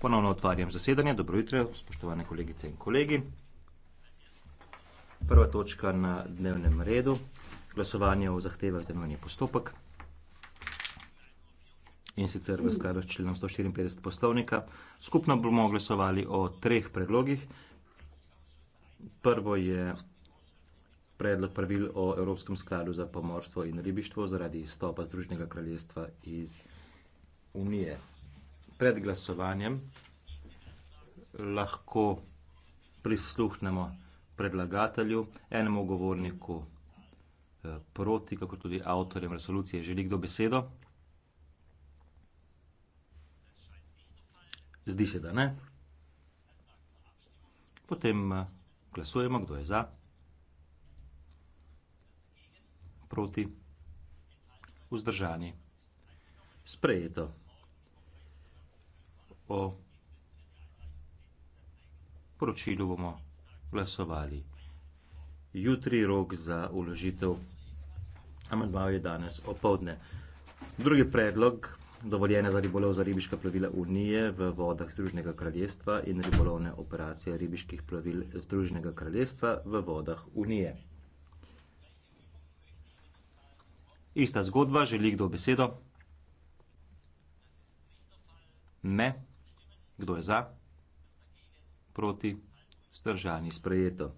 Ponovno otvarjam zasedanje. Dobro jutro, spoštovane kolegice in kolegi. Prva točka na dnevnem redu, glasovanje o zahtevah za nujni postopek. In sicer v skladu s členom 154 poslovnika. Skupno bomo glasovali o treh predlogih. Prvo je predlog pravil o Evropskem skladu za pomorstvo in ribištvo zaradi izstopa Združenega kraljestva iz Unije pred glasovanjem lahko prisluhnemo predlagatelju, enemu govorniku eh, proti, kako tudi avtorjem resolucije. Želi kdo besedo? Zdi se, da ne. Potem eh, glasujemo, kdo je za. Proti. Vzdržani. Sprejeto o poročilu bomo glasovali. Jutri rok za uložitev amandmajo je danes opovdne. Drugi predlog dovoljene za ribolov za ribiška plovila Unije v vodah Združnega kraljestva in ribolovne operacije ribiških plovil Združnega kraljestva v vodah Unije. Ista zgodba, želi kdo besedo? Ne. Kdo je za? Proti? Stržani sprejeto.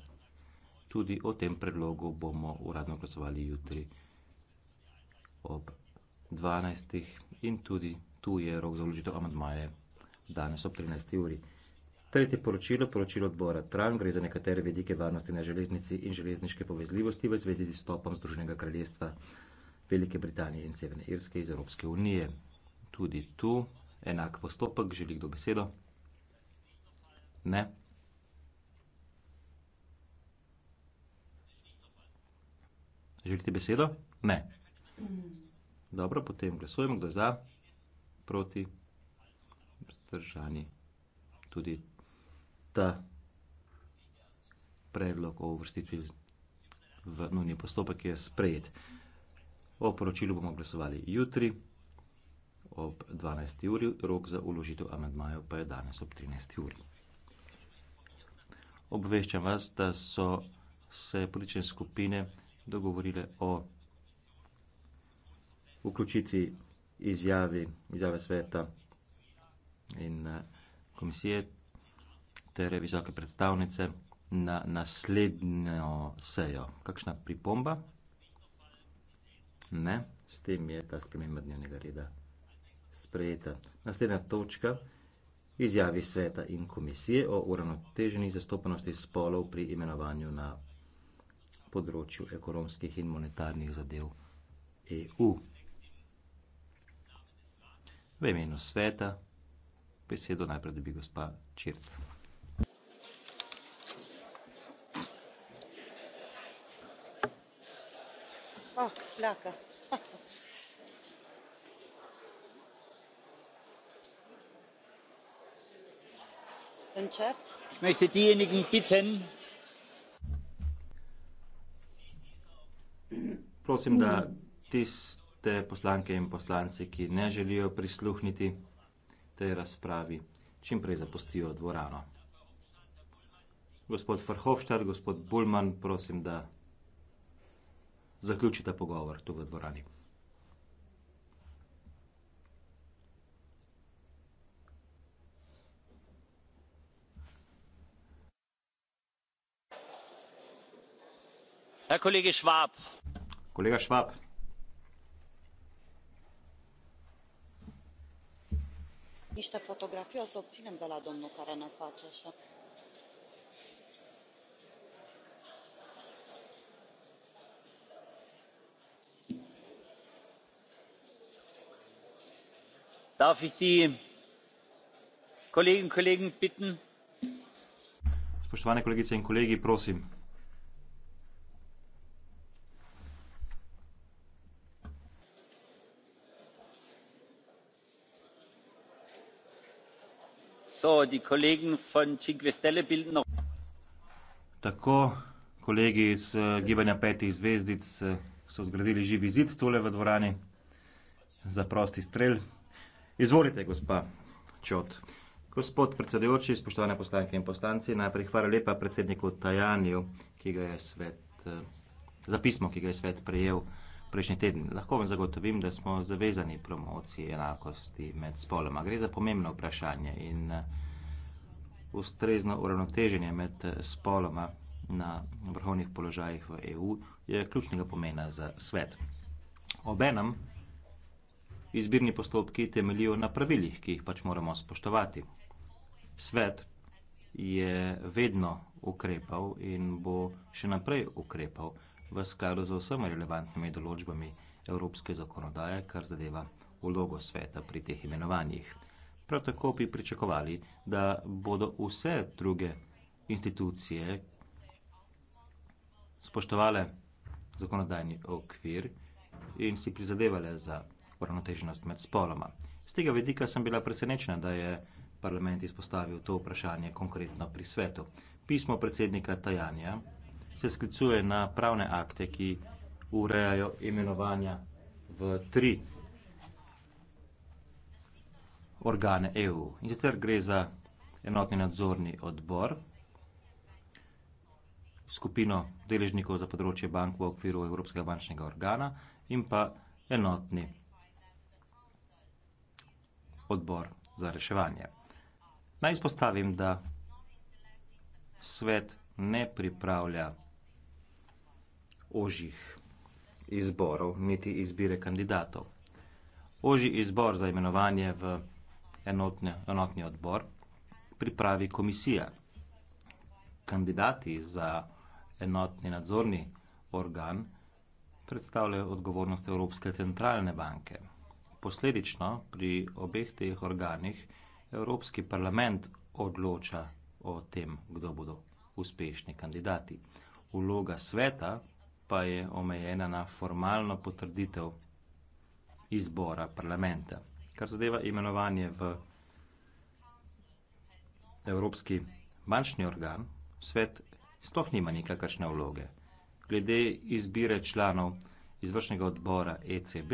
Tudi o tem predlogu bomo uradno glasovali jutri ob 12. in tudi tu je rok za vložitev amadmaje danes ob 13. uri. Tretje poročilo, poročilo odbora TRAN, gre za nekatere vedike varnosti na železnici in železniške povezljivosti v zvezi z izstopom Združenega kraljestva Velike Britanije in Severne Irske iz Evropske unije. Tudi tu enak postopek. Želi kdo besedo? Ne. Želite besedo? Ne. Dobro, potem glasujemo, kdo je za, proti, vzdržani. Tudi ta predlog o uvrstitvi v nujni postopek je sprejet. O poročilu bomo glasovali jutri ob 12. uri, rok za uložitev amedmajev pa je danes ob 13. uri. Obveščam vas, da so se politične skupine dogovorile o vključitvi izjavi, izjave sveta in eh, komisije ter visoke predstavnice na naslednjo sejo. Kakšna pripomba? Ne, s tem je ta sprememba dnevnega reda sprejeta. Naslednja točka izjavi sveta in komisije o uravnoteženi zastopanosti spolov pri imenovanju na področju ekonomskih in monetarnih zadev EU. V imenu sveta besedo najprej dobi gospa Čirc. Ah, Lahko. ich möchte diejenigen bitten prosim da tiste poslanke in poslance ki ne želijo prisluhniti tej razpravi čim prej zapustijo dvorano gospod Verhofstadt gospod Bullmann prosim da zaključite pogovor tu v dvorani herr kollege schwab! kollege schwab! darf ich die kolleginnen und kollegen bitten spoštovane kolegice in kolegi prosim! Tako, kolegi iz, eh, Gibanja petih zvezdic, eh, so zgradili živi zid tule v dvorani za prosti strel. Izvolite, gospa Čot. Gospod predsedujoči, spoštovane poslanke in poslanci, najprej hvala lepa predsedniku Tajaniju, ki ga je svet, eh, za pismo, ki ga je svet prejel prejšnji teden. Lahko vam zagotovim, da smo zavezani promociji enakosti med spoloma. Gre za pomembno vprašanje in eh, ustrezno uravnoteženje med eh, spoloma na vrhovnih položajih v EU je ključnega pomena za svet. Obenem izbirni postopki temeljijo na pravilih, ki jih pač moramo spoštovati. Svet je vedno ukrepal in bo še naprej ukrepal v skladu z vsemi relevantnimi določbami evropske zakonodaje, kar zadeva vlogo sveta pri teh imenovanjih. Prav tako bi pričakovali, da bodo vse druge institucije spoštovale zakonodajni okvir in si prizadevale za uravnoteženost med spoloma. Z tega vidika sem bila presenečena, da je parlament izpostavil to vprašanje konkretno pri svetu. Pismo predsednika Tajanja se sklicuje na pravne akte, ki urejajo imenovanja v tri organe EU. In sicer gre za enotni nadzorni odbor, skupino deležnikov za področje bank v okviru Evropskega bančnega organa in pa enotni odbor za reševanje. Naj izpostavim, da svet ne pripravlja ožjih izborov, niti izbire kandidatov. Ožji izbor za imenovanje v enotne, enotni odbor pripravi komisija. Kandidati za enotni nadzorni organ predstavljajo odgovornost Evropske centralne banke. Posledično pri obeh teh organih Evropski parlament odloča o tem, kdo bodo uspešni kandidati. Uloga sveta pa je omejena na formalno potrditev izbora parlamenta. Kar zadeva imenovanje v Evropski bančni organ, svet sploh nima nikakršne vloge. Glede izbire članov izvršnega odbora ECB,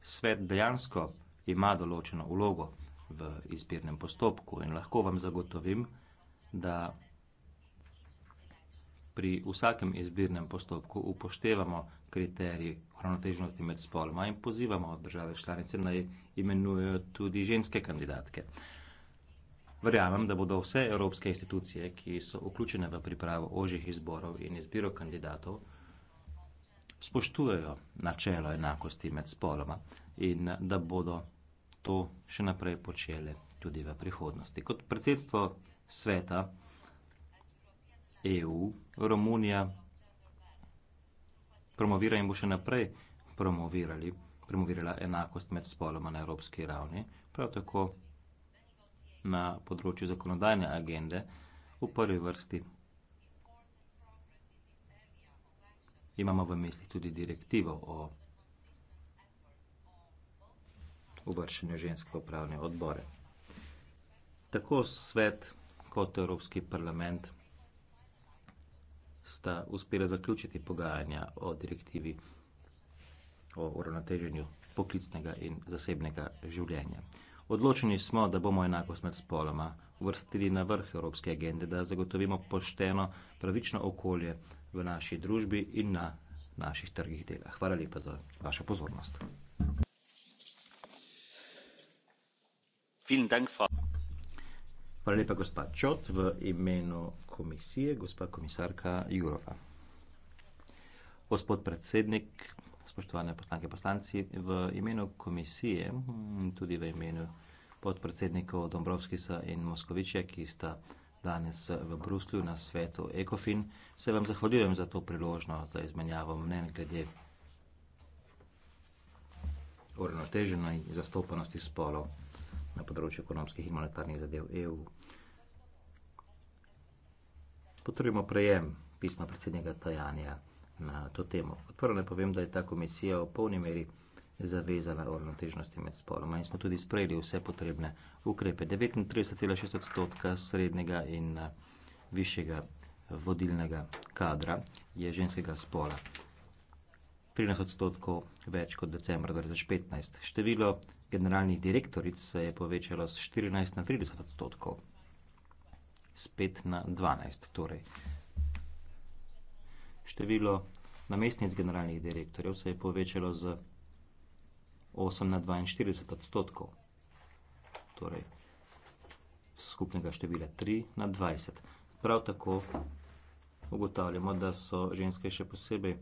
svet dejansko ima določeno vlogo v izbirnem postopku in lahko vam zagotovim, da pri vsakem izbirnem postopku upoštevamo kriterij ravnotežnosti med spoloma in pozivamo države članice naj imenujejo tudi ženske kandidatke. Verjamem, da bodo vse evropske institucije, ki so vključene v pripravo ožjih izborov in izbiro kandidatov, spoštujejo načelo enakosti med spoloma in da bodo to še naprej počele tudi v prihodnosti. Kot predsedstvo sveta EU, Romunija promovira in bo še naprej promovirali, promovirala enakost med spoloma na evropski ravni, prav tako na področju zakonodajne agende v prvi vrsti. Imamo v mislih tudi direktivo o uvrščanju žensk v upravne odbore. Tako svet kot Evropski parlament sta uspela zaključiti pogajanja o direktivi o uravnoteženju poklicnega in zasebnega življenja. Odločeni smo, da bomo enakost med spoloma uvrstili na vrh evropske agende, da zagotovimo pošteno, pravično okolje v naši družbi in na naših trgih dela. Hvala lepa za vašo pozornost. Vielen Dank, Frau. Hvala lepa, gospa Čot, v imenu komisije, gospa komisarka Jurova. Gospod predsednik, spoštovane poslanke in poslanci, v imenu komisije in tudi v imenu podpredsednikov Dombrovskisa in Moskoviča, ki sta danes v Bruslju na svetu ECOFIN, se vam zahvaljujem za to priložnost za izmenjavo mnen glede uravnoteženosti in zastopanosti spolov na področju ekonomskih in monetarnih zadev EU. Potrebujemo prejem pisma predsednika Tajanja na to temo. Kot prvo ne povem, da je ta komisija v polni meri zavezana uravnotežnosti med spoloma in smo tudi sprejeli vse potrebne ukrepe. 39,6 odstotka srednjega in eh, višjega vodilnega kadra je ženskega spola. 13 odstotkov več kot decembra 2015. Število generalnih direktoric se je povečalo z 14 na 30 odstotkov, spet na 12. Torej. Število namestnic generalnih direktorjev se je povečalo z 8 na 42 odstotkov, torej skupnega števila 3 na 20. Prav tako ugotavljamo, da so ženske še posebej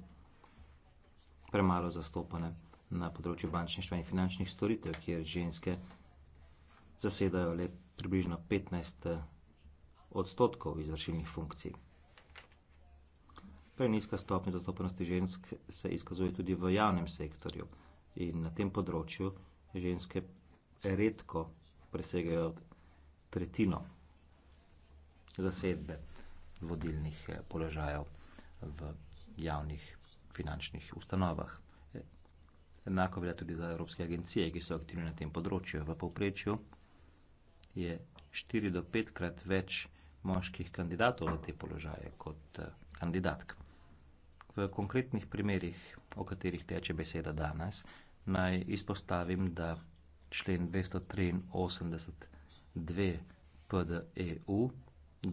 premalo zastopane na področju bančništva in finančnih storitev, kjer ženske zasedajo le približno 15 eh, odstotkov izvršilnih funkcij. Preniska stopnja zastopanosti žensk se izkazuje tudi v javnem sektorju in na tem področju ženske redko presegajo tretjino zasedbe vodilnih eh, položajev v javnih finančnih ustanovah. Enako velja tudi za evropske agencije, ki so aktivne na tem področju. V povprečju je 4 do 5 krat več moških kandidatov za te položaje kot eh, kandidatk. V konkretnih primerih, o katerih teče beseda danes, naj izpostavim, da člen 283.2 PDEU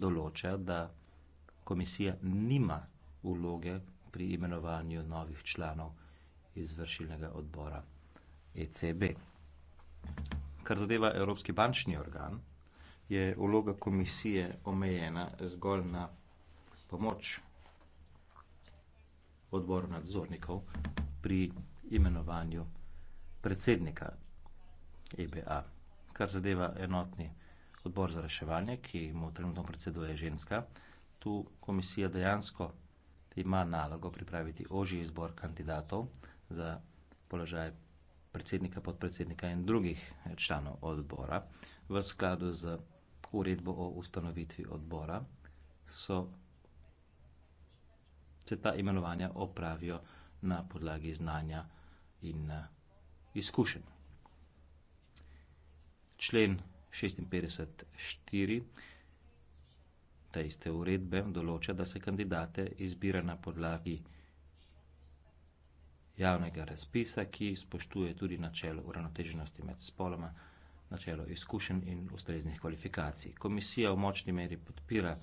določa, da komisija nima vloge pri imenovanju novih članov izvršilnega odbora ECB. Kar zadeva Evropski bančni organ, je vloga komisije omejena zgolj na pomoč odboru nadzornikov pri imenovanju predsednika EBA. Kar zadeva enotni odbor za reševanje, ki mu trenutno predseduje ženska, tu komisija dejansko ima nalogo pripraviti ožji izbor kandidatov, za položaj predsednika, podpredsednika in drugih članov odbora. V skladu z uredbo o ustanovitvi odbora so se ta imenovanja opravijo na podlagi znanja in eh, izkušenj. Člen 56.4 te iste uredbe določa, da se kandidate izbira na podlagi izkušenj javnega razpisa, ki spoštuje tudi načelo uravnoteženosti med spoloma, načelo izkušenj in ustreznih kvalifikacij. Komisija v močni meri podpira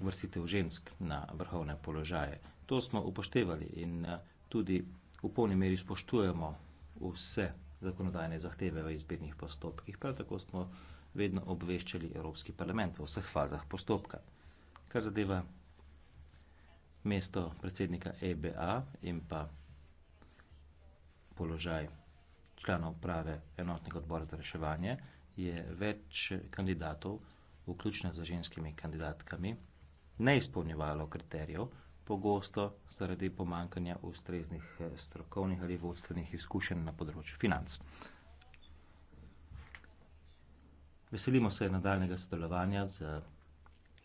vrstitev žensk na vrhovne položaje. To smo upoštevali in eh, tudi v polni meri spoštujemo vse zakonodajne zahteve v izbirnih postopkih. Prav tako smo vedno obveščali Evropski parlament v vseh fazah postopka. Kar zadeva mesto predsednika EBA in pa položaj člana uprave enotnega odbora za reševanje, je več kandidatov, vključno z ženskimi kandidatkami, ne izpolnjevalo kriterijev, pogosto zaradi pomankanja ustreznih eh, strokovnih ali vodstvenih izkušenj na področju financ. Veselimo se nadaljnega sodelovanja z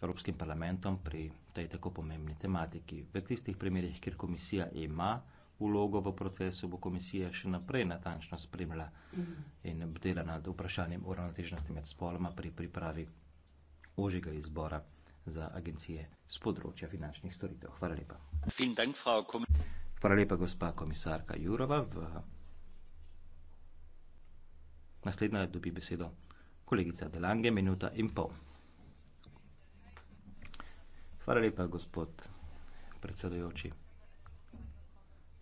Evropskim parlamentom pri tej tako pomembni tematiki. V tistih primerjih, kjer komisija ima vlogo v procesu, bo komisija še naprej natančno spremljala in bdela nad vprašanjem uravnotežnosti med spoloma pri pripravi ožjega izbora za agencije z področja finančnih storitev. Hvala lepa. Hvala lepa, gospa komisarka Jurova. V... Naslednja dobi besedo kolegica Delange, minuta in pol. Hvala lepa, gospod predsedujoči.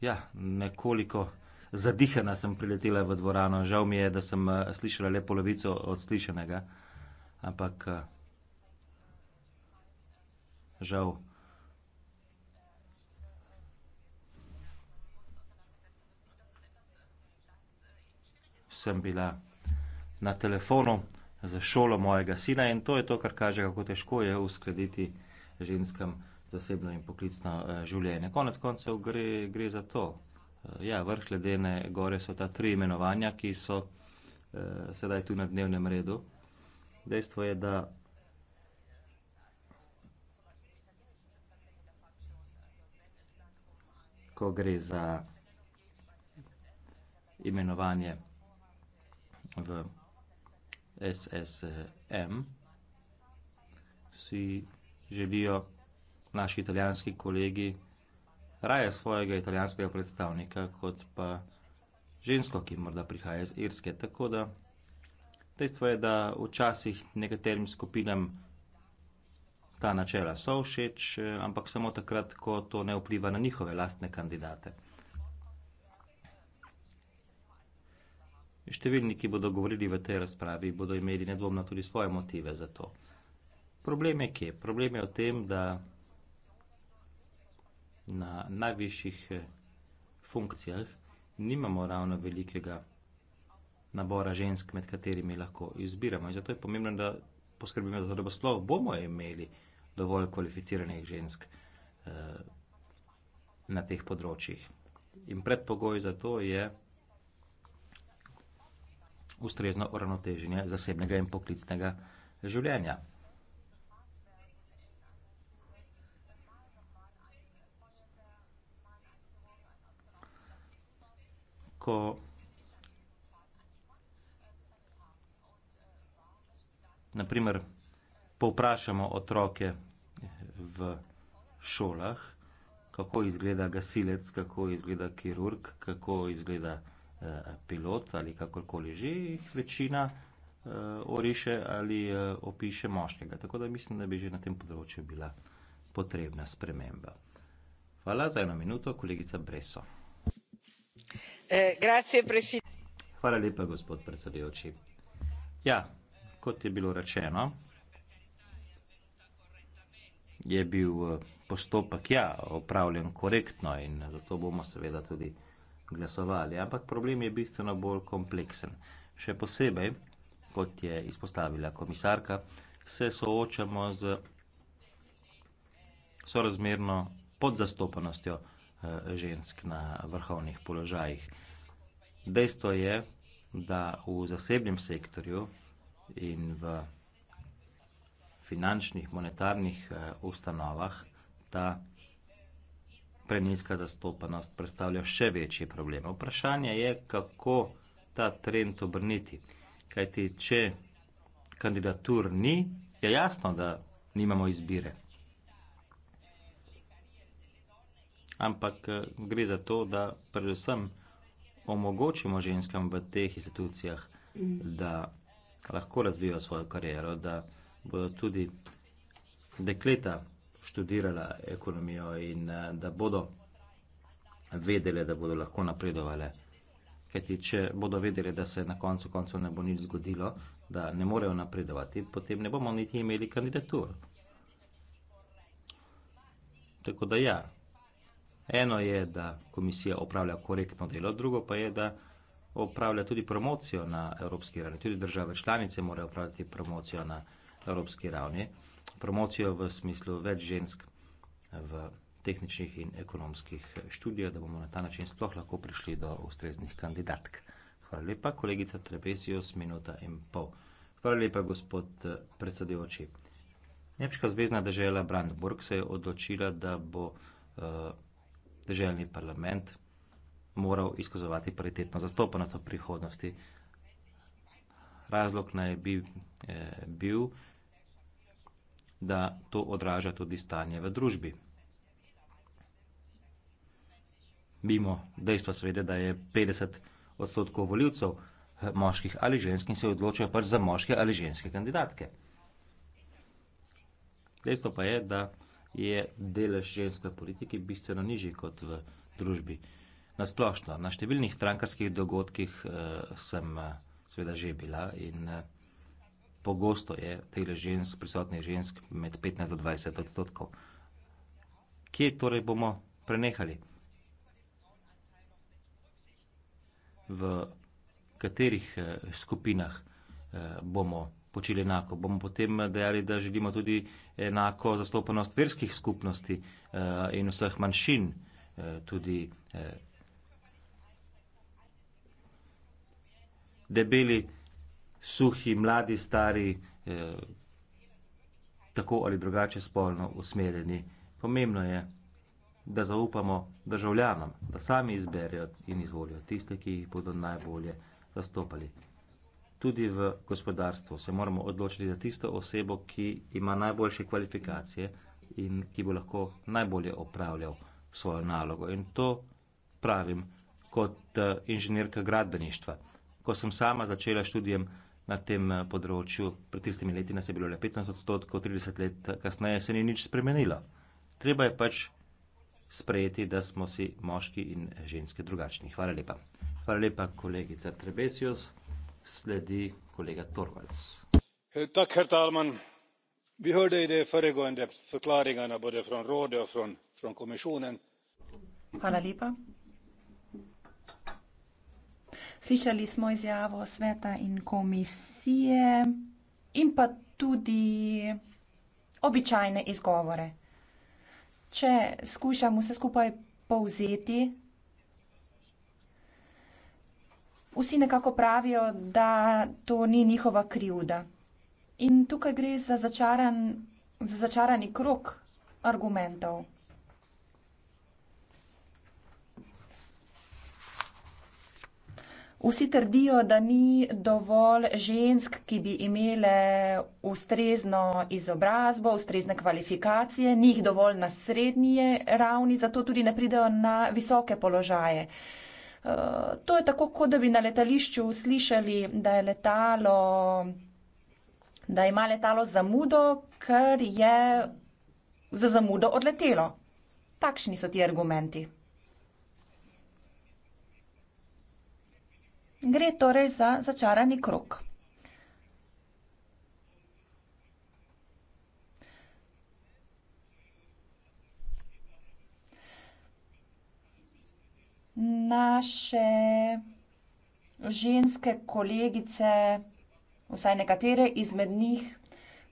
Ja, nekoliko zadihana sem priletela v dvorano. Žal mi je, da sem eh, slišala le polovico od slišanega, ampak eh, žal. Sem bila na telefonu za šolo mojega sina in to je to, kar kaže, kako težko je uskladiti ženskem zasebno in poklicno eh, življenje. Konec koncev gre, gre za to. Eh, ja, vrh ledene gore so ta tri imenovanja, ki so eh, sedaj tu na dnevnem redu. Dejstvo je, da ko gre za imenovanje v SSM, vsi želijo naši italijanski kolegi raje svojega italijanskega predstavnika, kot pa žensko, ki morda prihaja iz Irske. Tako da dejstvo je, da včasih nekaterim skupinam ta načela so všeč, ampak samo takrat, ko to ne vpliva na njihove lastne kandidate. Številni, ki bodo govorili v tej razpravi, bodo imeli nedvomno tudi svoje motive za to problem je kje? Problem je v tem, da na najvišjih eh, funkcijah nimamo ravno velikega nabora žensk, med katerimi lahko izbiramo. In zato je pomembno, da poskrbimo za to, da bo sploh bomo imeli dovolj kvalificiranih žensk eh, na teh področjih. In predpogoj za to je ustrezno uravnoteženje zasebnega in poklicnega življenja. lahko naprimer povprašamo otroke v šolah, kako izgleda gasilec, kako izgleda kirurg, kako izgleda eh, pilot ali kakorkoli že, jih večina eh, oriše ali eh, opiše moškega. Tako da mislim, da bi že na tem področju bila potrebna sprememba. Hvala za eno minuto, kolegica Breso. Hvala. Eh, Hvala lepa, gospod predsedujoči. Ja, kot je bilo rečeno, je bil eh, postopek, ja, opravljen korektno in zato bomo seveda tudi glasovali, ampak problem je bistveno bolj kompleksen. Še posebej, kot je izpostavila komisarka, se soočamo s sorazmerno podzastopanostjo, Eh, žensk na vrhovnih položajih. Dejstvo je, da v zasebnem sektorju in v finančnih, monetarnih eh, ustanovah ta preniska zastopanost predstavlja še večji problem. Vprašanje je, kako ta trend obrniti. Kajti, če kandidatur ni, je jasno, da nimamo izbire. ampak eh, gre za to, da predvsem omogočimo ženskam v teh institucijah, da lahko razvijajo svojo kariero, da bodo tudi dekleta študirala ekonomijo in eh, da bodo vedele, da bodo lahko napredovale. Kajti, če bodo vedeli, da se na koncu koncev ne bo nič zgodilo, da ne morejo napredovati, potem ne bomo niti imeli kandidatur. Tako da ja, eno je, da komisija opravlja korektno delo, drugo pa je, da opravlja tudi promocijo na evropski ravni. Tudi države članice morajo opravljati promocijo na evropski ravni. Promocijo v smislu več žensk v tehničnih in ekonomskih študijah, da bomo na ta način sploh lahko prišli do ustreznih kandidatk. Hvala lepa, kolegica Trebesijos, minuta in pol. Hvala lepa, gospod predsedujoči. Nemška zvezdna država Brandenburg se je odločila, da bo uh, državni parlament moral izkazovati paritetno zastopanost v prihodnosti. Razlog naj bi eh, bil, da to odraža tudi stanje v družbi. Mimo dejstva seveda, da je 50 odstotkov voljivcev eh, moških ali ženskih se odločajo pač za moške ali ženske kandidatke. Dejstvo pa je, da je delež žensk v politiki bistveno nižji kot v družbi. Na splošno, na številnih strankarskih dogodkih uh, sem uh, seveda že bila in uh, pogosto je tele žensk, prisotnih žensk med 15 do 20 odstotkov. Kje torej bomo prenehali? V katerih uh, skupinah uh, bomo počeli enako? Bomo potem dejali, da želimo tudi uh, enako zastopanost verskih skupnosti eh, in vseh manjšin eh, tudi eh, debeli, suhi, mladi, stari, tako ali drugače spolno usmerjeni. Pomembno je, da zaupamo državljanom, da sami izberijo in izvolijo tiste, ki jih bodo najbolje zastopali tudi v gospodarstvu se moramo odločiti za tisto osebo, ki ima najboljše kvalifikacije in ki bo lahko najbolje opravljal svojo nalogo. In to pravim kot eh, inženirka gradbeništva. Ko sem sama začela študijem na tem eh, področju, pred tistimi leti nas je bilo le 15 odstotkov, 30 let kasneje se ni nič spremenilo. Treba je pač sprejeti, da smo si moški in ženske drugačni. Hvala lepa. Hvala lepa, kolegica Trebesios sledi kolega torvalds. Eh, herr talman! vi hörde i de föregående förklaringarna både från rådet och från kommissionen slišali smo izjavo sveta in komisije in pa tudi običajne izgovore. če skušam vse skupaj povzeti vsi nekako pravijo, da to ni njihova krivda. In tukaj gre za, začaran, za začarani krok argumentov. Vsi trdijo, da ni dovolj žensk, ki bi imele ustrezno izobrazbo, ustrezne kvalifikacije, njih dovolj na srednji ravni, zato tudi ne pridejo na visoke položaje. Uh, Eh, to je tako, kot da bi na letališču slišali, da je letalo, da ima letalo zamudo, ker je za zamudo odletelo. Takšni so ti argumenti. Gre torej za začarani krok. naše ženske kolegice, vsaj nekatere izmed njih,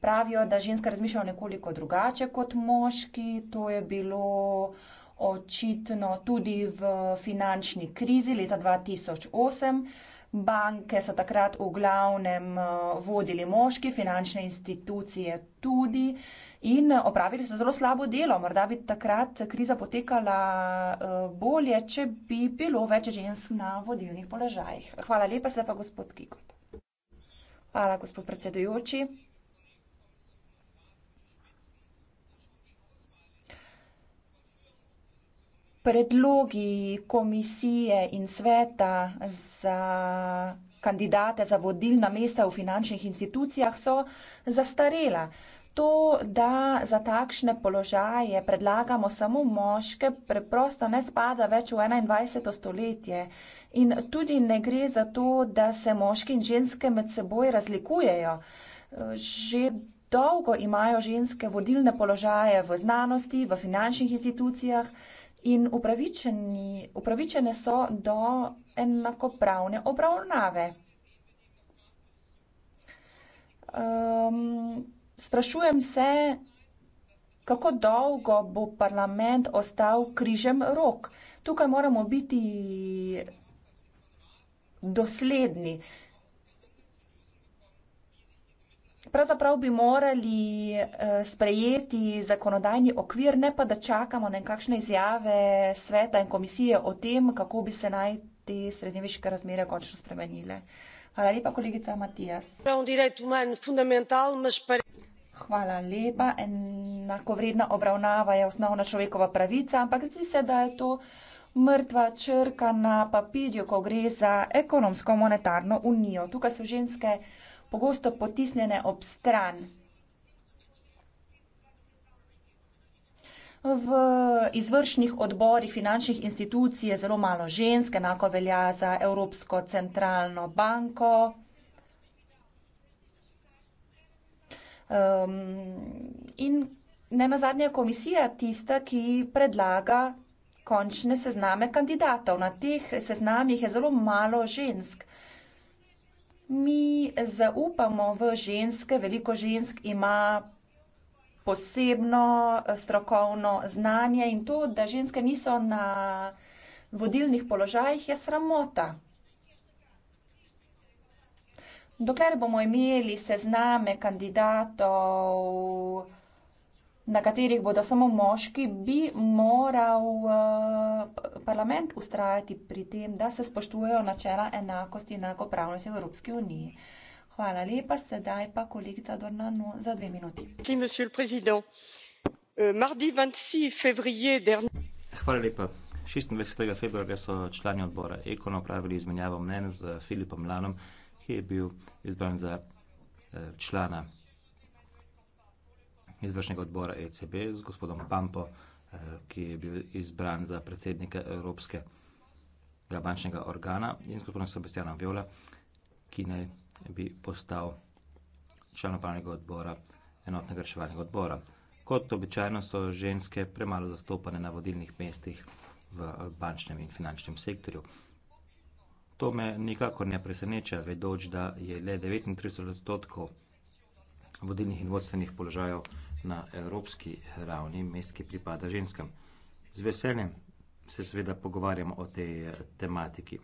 pravijo, da ženske razmišljajo nekoliko drugače kot moški. To je bilo očitno tudi v finančni krizi leta 2008. Banke so takrat v glavnem eh, vodili moški, finančne institucije tudi in eh, opravili so zelo slabo delo. Morda bi takrat kriza potekala eh, bolje, če bi bilo več žensk na vodilnih položajih. Hvala lepa, slepa gospod Kikot. Hvala, gospod predsedujoči. Predlogi komisije in sveta za kandidate za vodilna mesta v finančnih institucijah so zastarela. To, da za takšne položaje predlagamo samo moške, preprosto ne spada več v 21. stoletje. In tudi ne gre za to, da se moški in ženske med seboj razlikujejo. Že dolgo imajo ženske vodilne položaje v znanosti, v finančnih institucijah in upravičene so do enakopravne obravnave. Um, Sprašujem se, kako dolgo bo parlament ostal križem rok. Tukaj moramo biti dosledni. Pravzaprav bi morali eh, sprejeti zakonodajni okvir, ne pa da čakamo nekakšne izjave sveta in komisije o tem, kako bi se naj te srednjeviške razmere končno spremenile. Hvala lepa, kolegica Matijas. Hvala lepa. Enakovredna obravnava je osnovna človekova pravica, ampak zdi se, da je to mrtva črka na papirju, ko gre za ekonomsko monetarno unijo. Tukaj so ženske pogosto potisnjene ob stran. V izvršnih odborih finančnih institucij je zelo malo žensk, enako velja za Evropsko centralno banko. Um, in ne nazadnje je komisija tista, ki predlaga končne sezname kandidatov. Na teh seznamih je zelo malo žensk. Mi zaupamo v ženske, veliko žensk ima posebno eh, strokovno znanje in to, da ženske niso na vodilnih položajih, je sramota. Dokler bomo imeli sezname kandidatov, na katerih bodo samo moški, bi moral uh, parlament ustrajati pri tem, da se spoštujejo načela enakosti in enakopravnosti v Evropski uniji. Hvala lepa, sedaj pa kolegica Dornanu za dve minuti. Euh, Hvala lepa. 26. februarja so člani odbora Ekona opravili izmenjavo mnen z Filipom Lanom, je bil izbran za eh, člana izvršnega odbora ECB z gospodom Pampo, eh, ki je bil izbran za predsednika Evropskega bančnega organa in z gospodom Sebastianom Viola, ki naj bi postal član upravnega odbora enotnega reševalnega odbora. Kot običajno so ženske premalo zastopane na vodilnih mestih v eh, bančnem in finančnem sektorju. To me nikakor ne preseneča, vedoč, da je le 39 odstotkov vodilnih in vodstvenih položajev na evropski ravni mest, ki pripada ženskam. Z veseljem se seveda pogovarjamo o tej tematiki.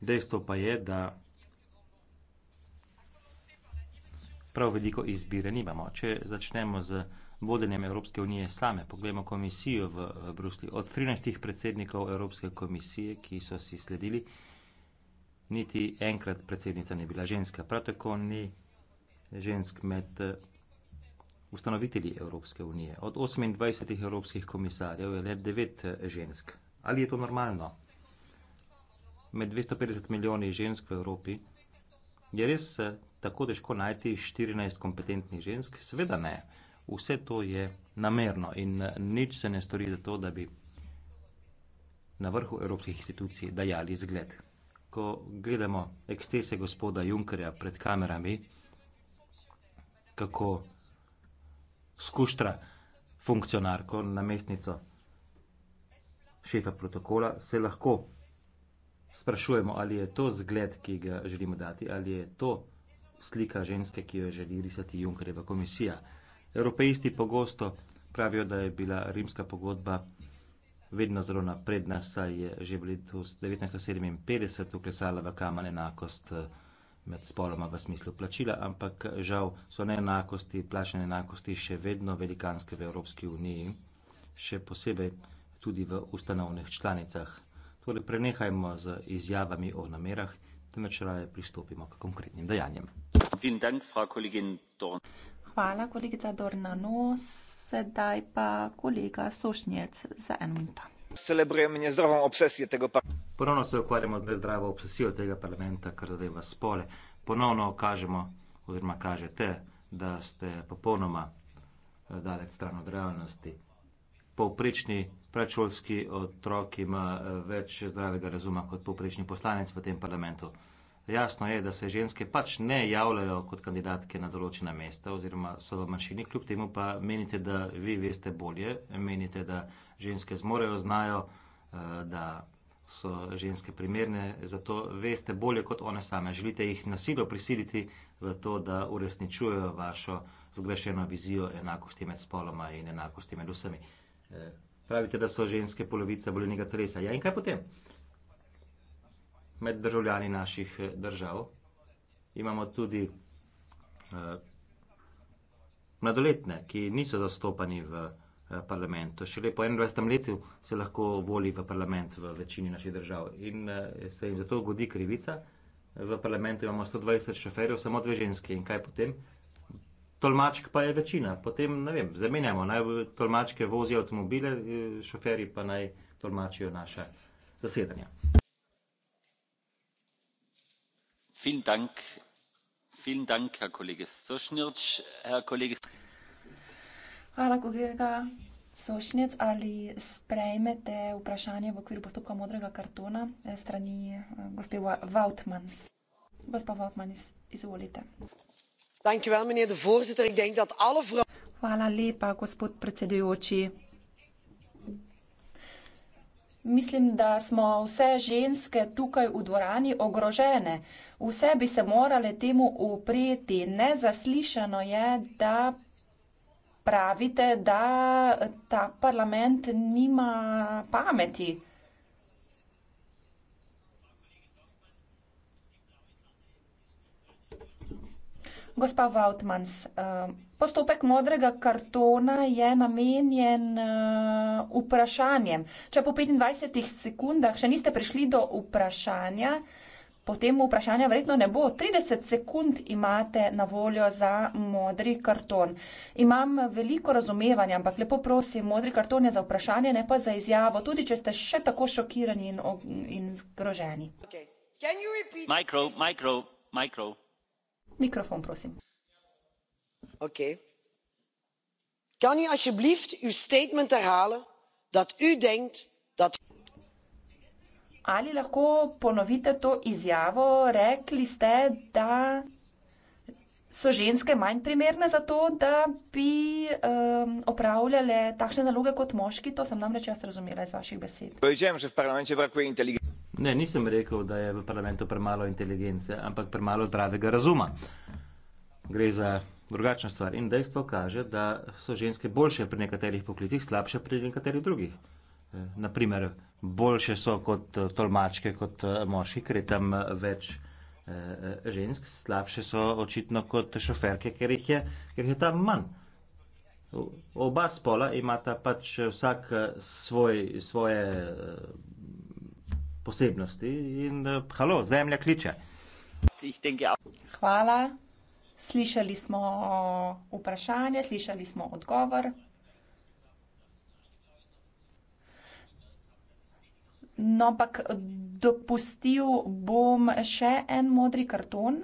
Dejstvo pa je, da prav veliko izbire nimamo. Če začnemo z vodenjem Evropske unije same. Poglejmo komisijo v, v Bruslju. Od 13 predsednikov Evropske komisije, ki so si sledili, niti enkrat predsednica ni bila ženska. Prav tako ni žensk med eh, ustanovitelji Evropske unije. Od 28 evropskih komisarjev je le 9 eh, žensk. Ali je to normalno? Med 250 milijoni žensk v Evropi je res eh, tako težko najti 14 kompetentnih žensk? Seveda ne. Vse to je namerno in eh, nič se ne stori za to, da bi na vrhu evropskih institucij dajali zgled. Ko gledamo ekstese gospoda Junkerja pred kamerami, kako skuštra funkcionarko, namestnico šefa protokola, se lahko sprašujemo, ali je to zgled, ki ga želimo dati, ali je to slika ženske, ki jo želi risati Junkerjeva komisija. Evropejci pogosto pravijo, da je bila rimska pogodba vedno zelo napredna, saj je že v letu 1957 uklesala v kamen enakost eh, med spoloma v smislu plačila, ampak žal so neenakosti, plačne neenakosti še vedno velikanske v Evropski uniji, še posebej tudi v ustanovnih članicah. Torej prenehajmo z izjavami o namerah, temveč raje pristopimo k konkretnim dejanjem. Vielen Dank, Frau Kollegin Dorn. Hvala, kolegica Dornano. Sedaj pa kolega Sošnjec za eno minuto. Ponovno se ukvarjamo z zdravo obsesijo tega parlamenta, kar zadeva spole. Ponovno kažemo, oziroma kažete, da ste popolnoma eh, daleč stran od realnosti. Povprečni predšolski otrok ima eh, več zdravega razuma kot povprečni poslanec v tem parlamentu. Jasno je, da se ženske pač ne javljajo kot kandidatke na določena mesta oziroma so v manjšini, kljub temu pa menite, da vi veste bolje, menite, da ženske zmorejo, znajo, eh, da so ženske primerne, zato veste bolje kot one same. Želite jih nasilo prisiliti v to, da uresničujejo vašo zgrešeno vizijo enakosti med spoloma in enakosti med vsemi. Eh, pravite, da so ženske polovica volilnega telesa. Ja, in kaj potem? med državljani naših eh, držav. Imamo tudi uh, mladoletne, ki niso zastopani v uh, parlamentu. Šele po 21. letu se lahko voli v parlament v večini naših držav in uh, se jim zato godi krivica. V parlamentu imamo 120 šoferjev, samo dve ženske in kaj potem? Tolmačk pa je večina, potem ne vem, zamenjamo. Naj tolmačke vozijo avtomobile, šoferji pa naj tolmačijo naše zasedanja. hvala kolega sonierz ali sprejmete dejstvo da je vprašanje kako bomo reševali migracijo v evropi odgovor s strani eh, gospe woutmans. Gospa Woutmans, izvolite. Hvala lepa, gospod predsedujoči. Mislim, da smo vse ženske tukaj v dvorani ogrožene. Vse bi se morale temu upreti. Nezaslišano je, da pravite, da ta parlament nima pameti. Gospa Vautmans. Uh, Postopek modrega kartona je namenjen uh, vprašanjem. Če po 25 sekundah še niste prišli do vprašanja, potem vprašanja verjetno ne bo. 30 sekund imate na voljo za modri karton. Imam veliko razumevanja, ampak lepo prosim, modri karton je za vprašanje, ne pa za izjavo, tudi če ste še tako šokirani in, in zgroženi. Okay. Mikro, mikro, mikro. Mikrofon, prosim kan u alsjeblieft uw statement herhalen dat u denkt dat. ali lahko ponovite to izjavo rekli ste da so ženske manj primerne za to da bi um, opravljale takšne naloge kot moški to sem namreč jaz razumela iz vaših besed. ne nisem rekel da je v parlamentu premalo inteligence ampak premalo zdravega razuma gre za drugačna stvar. In dejstvo kaže, da so ženske boljše pri nekaterih poklicih, slabše pri nekaterih drugih. Eh, Naprimer, boljše so kot eh, tolmačke, kot eh, moški, ker je tam več žensk, slabše so očitno kot šoferke, ker jih je, ker jih je tam manj. Oba spola imata pač vsak svoj, svoje posebnosti in halo, zemlja kliče. Hvala. Slišali smo vprašanje, slišali smo odgovor. No, ampak dopustil bom še en modri karton.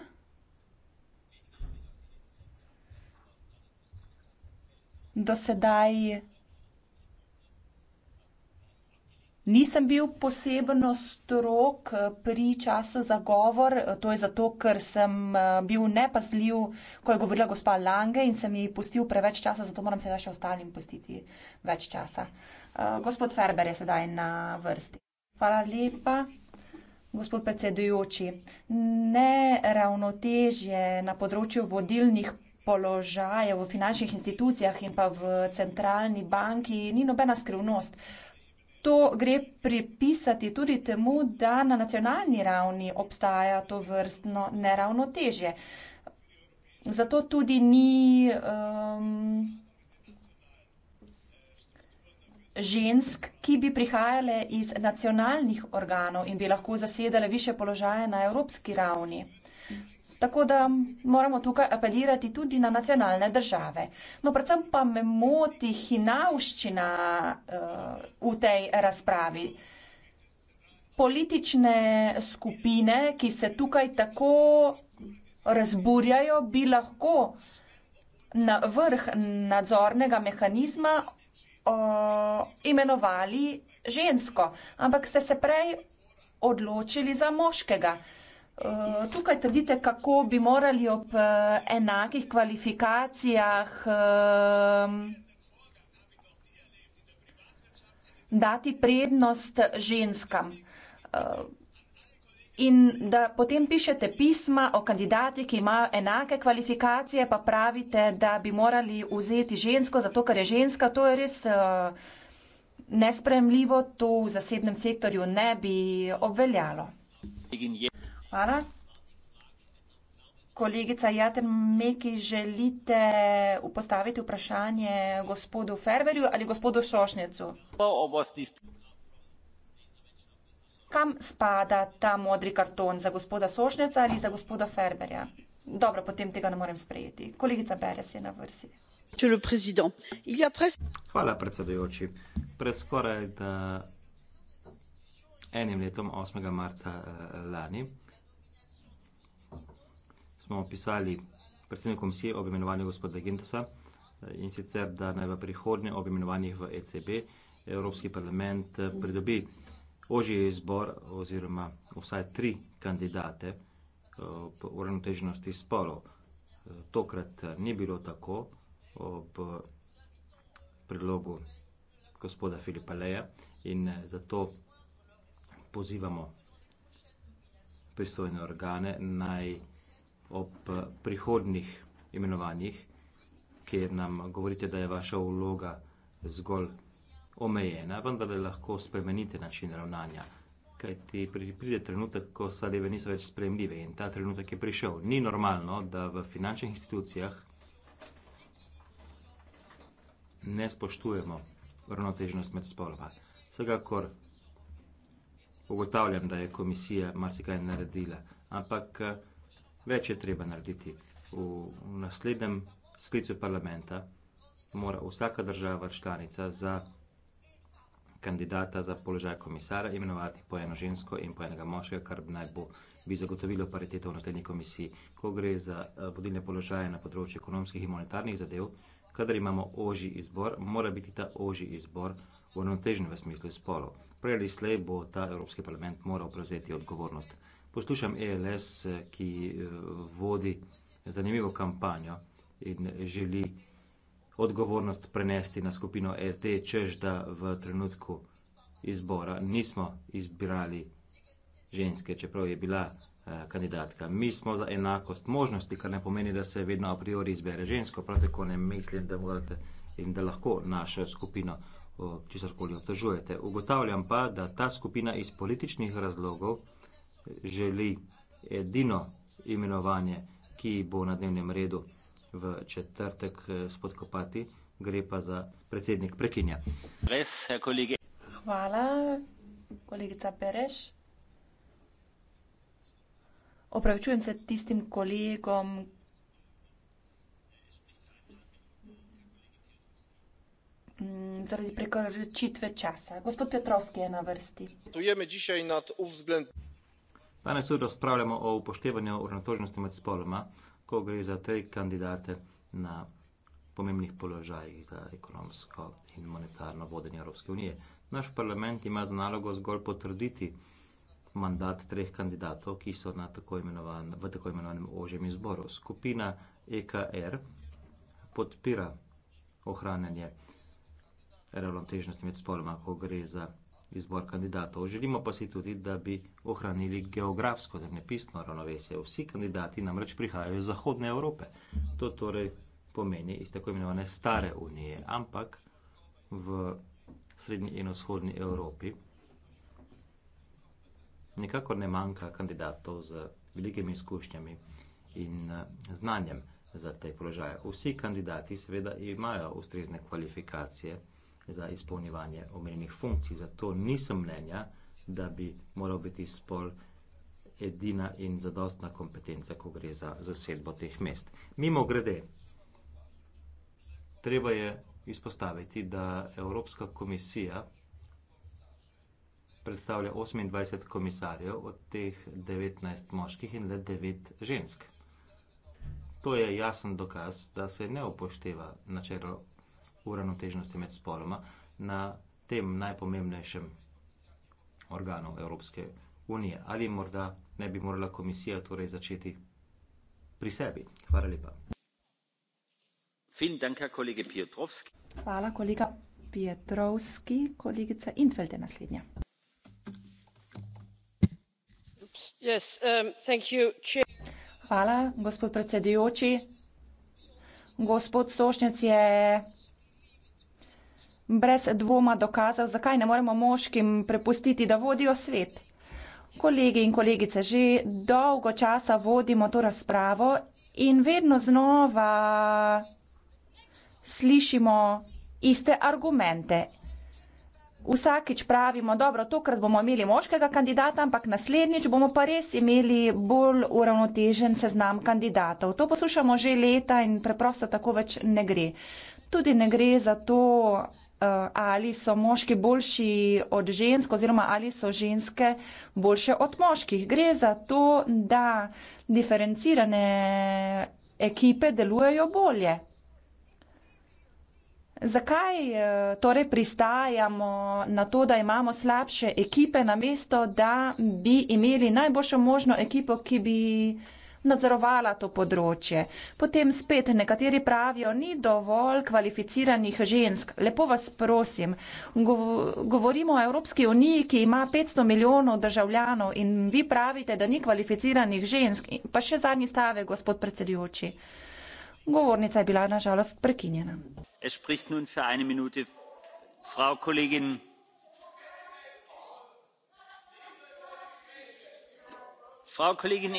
Do sedaj... Nisem bil posebno strok eh, pri času za govor, eh, to je zato, ker sem eh, bil nepazljiv, ko je govorila gospa Lange in sem ji pustil preveč časa, zato moram sedaj še ostalim pustiti več časa. Gospod Ferber je sedaj na vrsti. Hvala lepa. Gospod predsedujoči, neravnotežje na področju vodilnih položajev v finančnih institucijah in pa v centralni banki ni nobena skrivnost. To gre pripisati tudi temu, da na nacionalni ravni obstaja to vrstno neravnotežje. Zato tudi ni um, žensk, ki bi prihajale iz nacionalnih organov in bi lahko zasedale više položaje na evropski ravni. Tako da moramo tukaj apelirati tudi na nacionalne države. No, predvsem pa me moti hinavščina uh, v tej razpravi. Politične skupine, ki se tukaj tako razburjajo, bi lahko na vrh nadzornega mehanizma uh, imenovali žensko, ampak ste se prej odločili za moškega. Eh, tukaj trdite, kako bi morali ob eh, enakih kvalifikacijah ehm, dati prednost ženskam. Eh, in da potem pišete pisma o kandidatih, ki imajo enake kvalifikacije, pa pravite, da bi morali vzeti žensko, zato ker je ženska, to je res nespremljivo, to v zasebnem sektorju ne bi obveljalo. Hvala. Kolegica Jatrmeki, želite upostaviti vprašanje gospodu Ferverju ali gospodu Šošnjecu? Kam spada ta modri karton za gospoda Sošnjeca ali za gospoda Ferberja? Dobro, potem tega ne morem sprejeti. Kolegica Beres je na vrsti. Hvala, predsedujoči. Pred skoraj enim letom, 8. marca eh, lani, smo pisali predsednik komisije ob imenovanju gospoda Gentesa eh, in sicer, da naj v prihodnje ob imenovanjih v ECB Evropski parlament eh, pridobi ožji izbor oziroma vsaj tri kandidate eh, ob uravnoteženosti spolov. Tokrat ni bilo tako ob predlogu gospoda Filipa Leja in zato pozivamo pristojne organe naj ob eh, prihodnih imenovanjih, kjer nam govorite, da je vaša vloga zgolj omejena, vendar le lahko spremenite način ravnanja. Kaj ti pride trenutek, ko sadeve niso več spremljive in ta trenutek je prišel. Ni normalno, da v finančnih institucijah ne spoštujemo ravnotežnost med spolova. Vsekakor ugotavljam, da je komisija marsikaj naredila, ampak eh, Več je treba narediti. V naslednjem sklicu parlamenta mora vsaka država članica za kandidata za položaj komisara imenovati po eno žensko in po enega moškega, kar bi naj bo bi zagotovilo pariteto v naslednji komisiji. Ko gre za eh, vodilne položaje na področju ekonomskih in monetarnih zadev, kadar imamo oži izbor, mora biti ta oži izbor uravnotežen v smislu spolov. Prej ali slej bo ta Evropski parlament moral prevzeti odgovornost poslušam ELS, eh, ki eh, vodi zanimivo kampanjo in želi odgovornost prenesti na skupino SD, čež da v trenutku izbora nismo izbirali ženske, čeprav je bila eh, kandidatka. Mi smo za enakost možnosti, kar ne pomeni, da se vedno a priori izbere žensko, prav tako ne mislim, da morate in da lahko našo skupino česarkoli obtožujete. Ugotavljam pa, da ta skupina iz političnih razlogov želi edino imenovanje, ki bo na dnevnem redu v četrtek eh, spodkopati, gre pa za predsednik prekinja. Res, eh, kolege. Hvala, kolegica Pereš. Opravičujem se tistim kolegom, mm, Zaradi prekoračitve časa. Gospod Petrovski je na vrsti. Tujeme dzisiaj nad uwzględnieniem. Danes tudi razpravljamo o upoštevanju uravnotoženosti med spoloma, ko gre za tri kandidate na pomembnih položajih za ekonomsko in monetarno vodenje Evropske unije. Naš parlament ima za nalogo zgolj potrditi mandat treh kandidatov, ki so na tako imenovan, v tako imenovanem ožjem izboru. Skupina EKR podpira ohranjanje uravnotežnosti med spoloma, ko gre za izbor kandidatov. Želimo pa si tudi, da bi ohranili geografsko zemljepisno ravnovesje. Vsi kandidati namreč prihajajo iz Zahodne Evrope. To torej pomeni iz tako imenovane stare unije, ampak v srednji in vzhodni Evropi nikakor ne manjka kandidatov z velikimi izkušnjami in eh, znanjem za te položaje. Vsi kandidati seveda imajo ustrezne kvalifikacije, za izpolnjevanje omenjenih funkcij. Zato nisem mnenja, da bi moral biti spol edina in zadostna kompetenca, ko gre za zasedbo teh mest. Mimo grede, treba je izpostaviti, da Evropska komisija predstavlja 28 komisarjev, od teh 19 moških in le 9 žensk. To je jasen dokaz, da se ne upošteva načelo uravnoteženosti med spoloma na tem najpomembnejšem organu Evropske unije. Ali morda ne bi morala komisija torej začeti pri sebi? Hvala lepa. Hvala, kolega Pietrovski. Kolegica Intfeld je naslednja. Um, Hvala, gospod predsedujoči. Gospod Sošnjec je brez dvoma dokazal, zakaj ne moremo moškim prepustiti, da vodijo svet. Kolegi in kolegice, že dolgo časa vodimo to razpravo in vedno znova slišimo iste argumente. Vsakič pravimo, dobro, tokrat bomo imeli moškega kandidata, ampak naslednjič bomo pa res imeli bolj uravnotežen seznam kandidatov. To poslušamo že leta in preprosto tako več ne gre. Tudi ne gre za to, Eh, ali so moški boljši od žensk oziroma ali so ženske boljše od moških. Gre za to, da diferencirane ekipe delujejo bolje. Zakaj eh, torej pristajamo na to, da imamo slabše ekipe, namesto da bi imeli najboljšo možno ekipo, ki bi nadzorovala to področje. Potem spet nekateri pravijo, ni dovolj kvalificiranih žensk. Lepo vas prosim, govorimo o Evropski uniji, ki ima 500 milijonov državljanov in vi pravite, da ni kvalificiranih žensk. Pa še zadnji stave, gospod predsedujoči. Govornica je bila nažalost prekinjena. Es spricht nun für eine Minute, Frau Kollegin. kolegica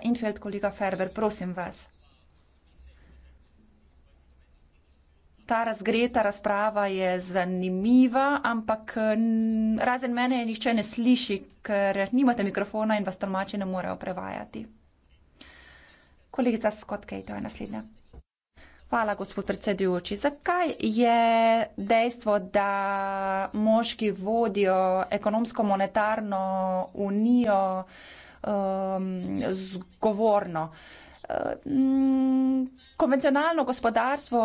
in feld kolega ferber prosim vas. Ta razgreta razprava je zanimiva, ampak razen mene je nihče ne sliši, ker nimate mikrofona in vas tolmači ne morejo prevajati. Kolegica Scott Cato je naslednja. Hvala, gospod predsedujoči. Zakaj je dejstvo, da moški vodijo ekonomsko-monetarno unijo um, zgovorno? Um, konvencionalno gospodarstvo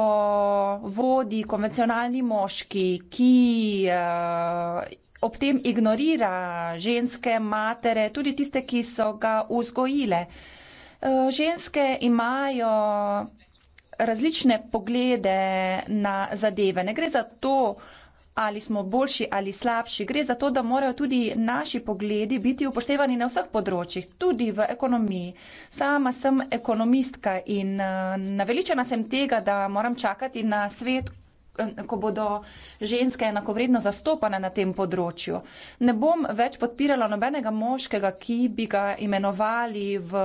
vodi konvencionalni moški, ki uh, ob tem ignorira ženske matere, tudi tiste, ki so ga vzgojile. Uh, ženske imajo različne poglede na zadeve. Ne gre za to, ali smo boljši ali slabši, gre za to, da morajo tudi naši pogledi biti upoštevani na vseh področjih, tudi v ekonomiji. Sama sem ekonomistka in eh, naveličena sem tega, da moram čakati na svet, ko bodo ženske enakovredno zastopane na tem področju. Ne bom več podpirala nobenega moškega, ki bi ga imenovali v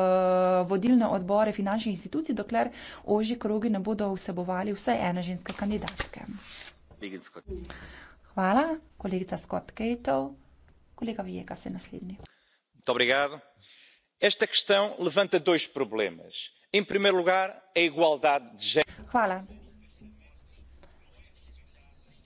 vodilne odbore finančnih institucij, dokler oži krogi ne bodo vsebovali vse ene ženske kandidatke. Hvala, kolegica Scott Cato. Kolega Vijeka se naslednji. Obrigado. Esta questão levanta dois problemas. Em primeiro lugar, a igualdade de género. Hvala.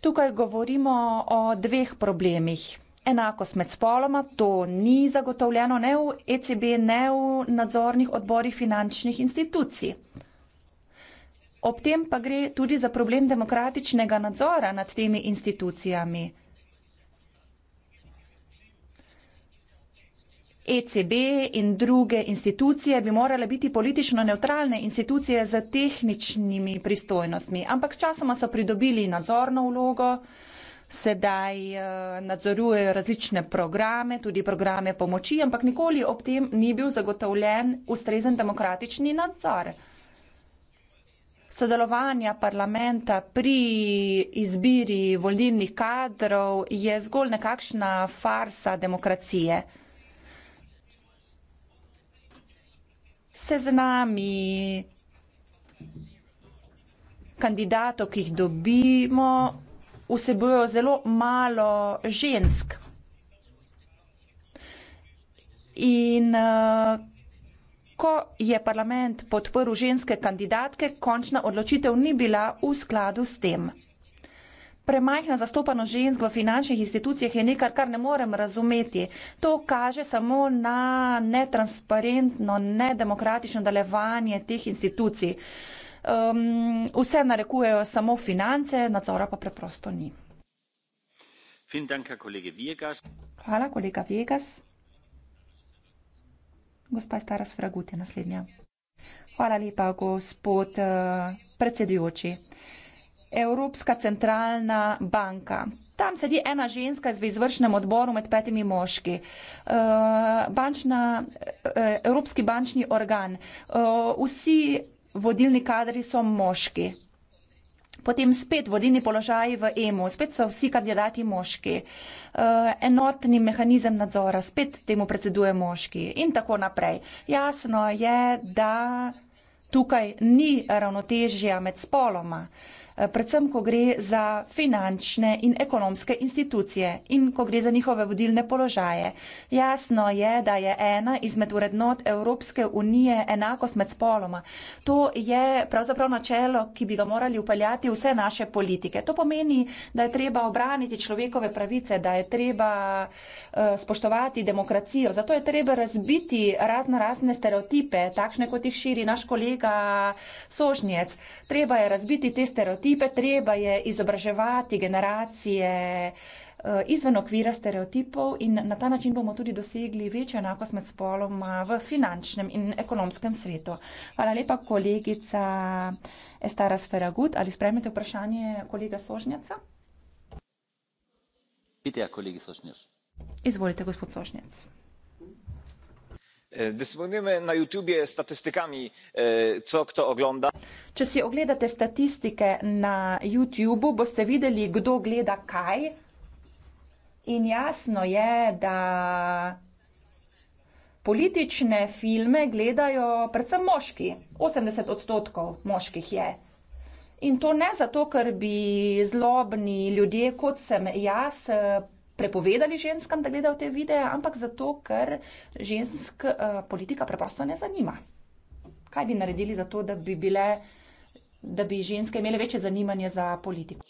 Tukaj govorimo o dveh problemih. Enakost med spoloma, to ni zagotovljeno ne v ECB, ne v nadzornih odborih finančnih institucij. Ob tem pa gre tudi za problem demokratičnega nadzora nad temi institucijami. ECB in druge institucije bi morale biti politično neutralne institucije z tehničnimi pristojnostmi, ampak sčasoma so pridobili nadzorno vlogo, sedaj eh, nadzorujejo različne programe, tudi programe pomoči, ampak nikoli ob tem ni bil zagotovljen ustrezen demokratični nadzor. Sodelovanja parlamenta pri izbiri volilnih kadrov je zgolj nekakšna farsa demokracije. se znami kandidatov, ki jih dobimo, vsebujejo zelo malo žensk. In eh, ko je parlament podprl ženske kandidatke, končna odločitev ni bila v skladu s tem. Premajhna zastopanost žensk v finančnih institucijah je nekaj, kar ne morem razumeti. To kaže samo na netransparentno, nedemokratično delovanje teh institucij. Um, vse narekujejo samo finance, nadzora pa preprosto ni. Hvala, kolega Vegas. Gospa Staras Fragut je naslednja. Hvala lepa, gospod uh, predsedujoči. Evropska centralna banka. Tam sedi ena ženska v izvršnem odboru med petimi moški. Eh, bančna, eh, Evropski bančni organ. Eh, vsi vodilni kadri so moški. Potem spet vodilni položaji v EMU, spet so vsi kandidati moški. Enotni mehanizem nadzora, spet temu predseduje moški in tako naprej. Jasno je, da tukaj ni ravnotežja med spoloma. Uh, Eh, predvsem ko gre za finančne in ekonomske institucije in ko gre za njihove vodilne položaje. Jasno je, da je ena izmed urednot Evropske unije enakost med spoloma. To je pravzaprav načelo, ki bi ga morali upeljati vse naše politike. To pomeni, da je treba obraniti človekove pravice, da je treba eh, spoštovati demokracijo. Zato je treba razbiti razno razne stereotipe, takšne kot jih širi naš kolega Sošnjec. Treba je razbiti te stereotipe, stereotipe treba je izobraževati generacije eh, izven okvira stereotipov in na ta način bomo tudi dosegli večjo enakost med spoloma v finančnem in ekonomskem svetu. Hvala lepa, kolegica Estara Sferagut. Ali spremete vprašanje kolega Sožnjaca? Pite, ja, kolegi Sožnjac. Izvolite, gospod Sožnjac. E, dysponujemy na YouTubie statystykami, e, co kto ogląda. Če si ogledate statistike na YouTubu, boste videli, kdo gleda kaj. In jasno je, da politične filme gledajo predvsem moški. 80 odstotkov moških je. In to ne zato, ker bi zlobni ljudje, kot sem jaz, prepovedali ženskam, da gledajo te videe, ampak zato, ker žensk uh, politika preprosto ne zanima. Kaj bi naredili za to, da bi, bile, da bi ženske imele večje zanimanje za politiko?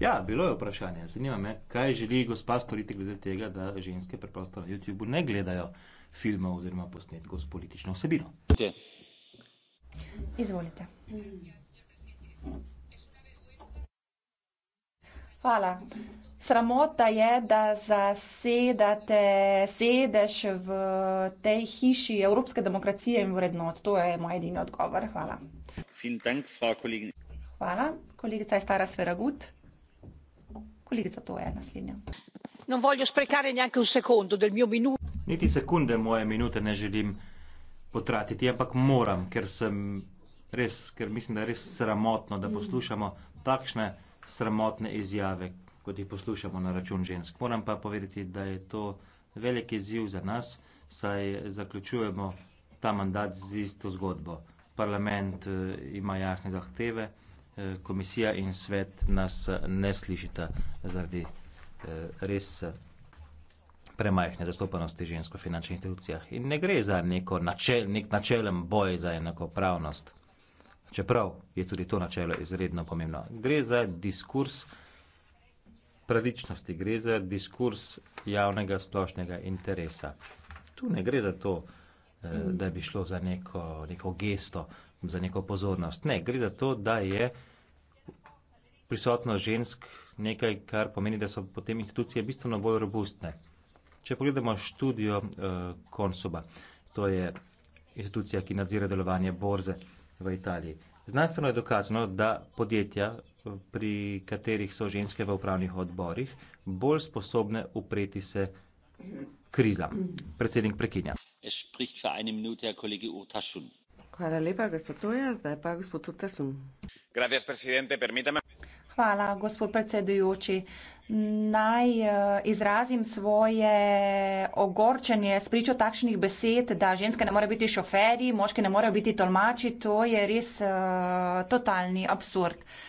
Ja, bilo je vprašanje. Zanima me, kaj želi gospa storiti glede tega, da ženske preprosto na YouTubu ne gledajo. Uh, filmov oziroma posnetkov s politično osebino. Izvolite. Hvala. Sramota je, da zasedate sedež v tej hiši evropske demokracije in vrednot. To je moj edini odgovor. Hvala. Hvala. Kolegica je stara Sveragut. Kolegica, to je naslednja niti sekunde moje minute ne želim potratiti, ampak moram, ker sem res, ker mislim, da je res sramotno, da mm. poslušamo takšne sramotne izjave, kot jih poslušamo na račun žensk. Moram pa povedati, da je to velik izziv za nas, saj zaključujemo ta mandat z isto zgodbo. Parlament eh, ima jasne zahteve, eh, komisija in svet nas eh, ne slišita zaradi res sramotnosti premajhne zastopanosti žensk v finančnih institucijah. In ne gre za neko načel, nek načelen boj za enakopravnost, čeprav je tudi to načelo izredno pomembno. Gre za diskurs pravičnosti, gre za diskurs javnega splošnega interesa. Tu ne gre za to, eh, da bi šlo za neko, neko gesto, za neko pozornost. Ne, gre za to, da je prisotnost žensk nekaj, kar pomeni, da so potem institucije bistveno bolj robustne. Če pogledamo študijo eh, Konsoba, to je institucija, ki nadzira delovanje borze v Italiji, znanstveno je dokazano, da podjetja, pri katerih so ženske v upravnih odborih, bolj sposobne upreti se krizam. Predsednik prekinja. Hvala lepa, gospod Toja. Zdaj pa gospod Utasun. Gracias, presidente. Permítame... Hvala, gospod predsedujoči. Naj eh, izrazim svoje ogorčenje s pričo takšnih besed, da ženske ne morejo biti šoferji, moški ne morejo biti tolmači. To je res uh, totalni absurd. Uh,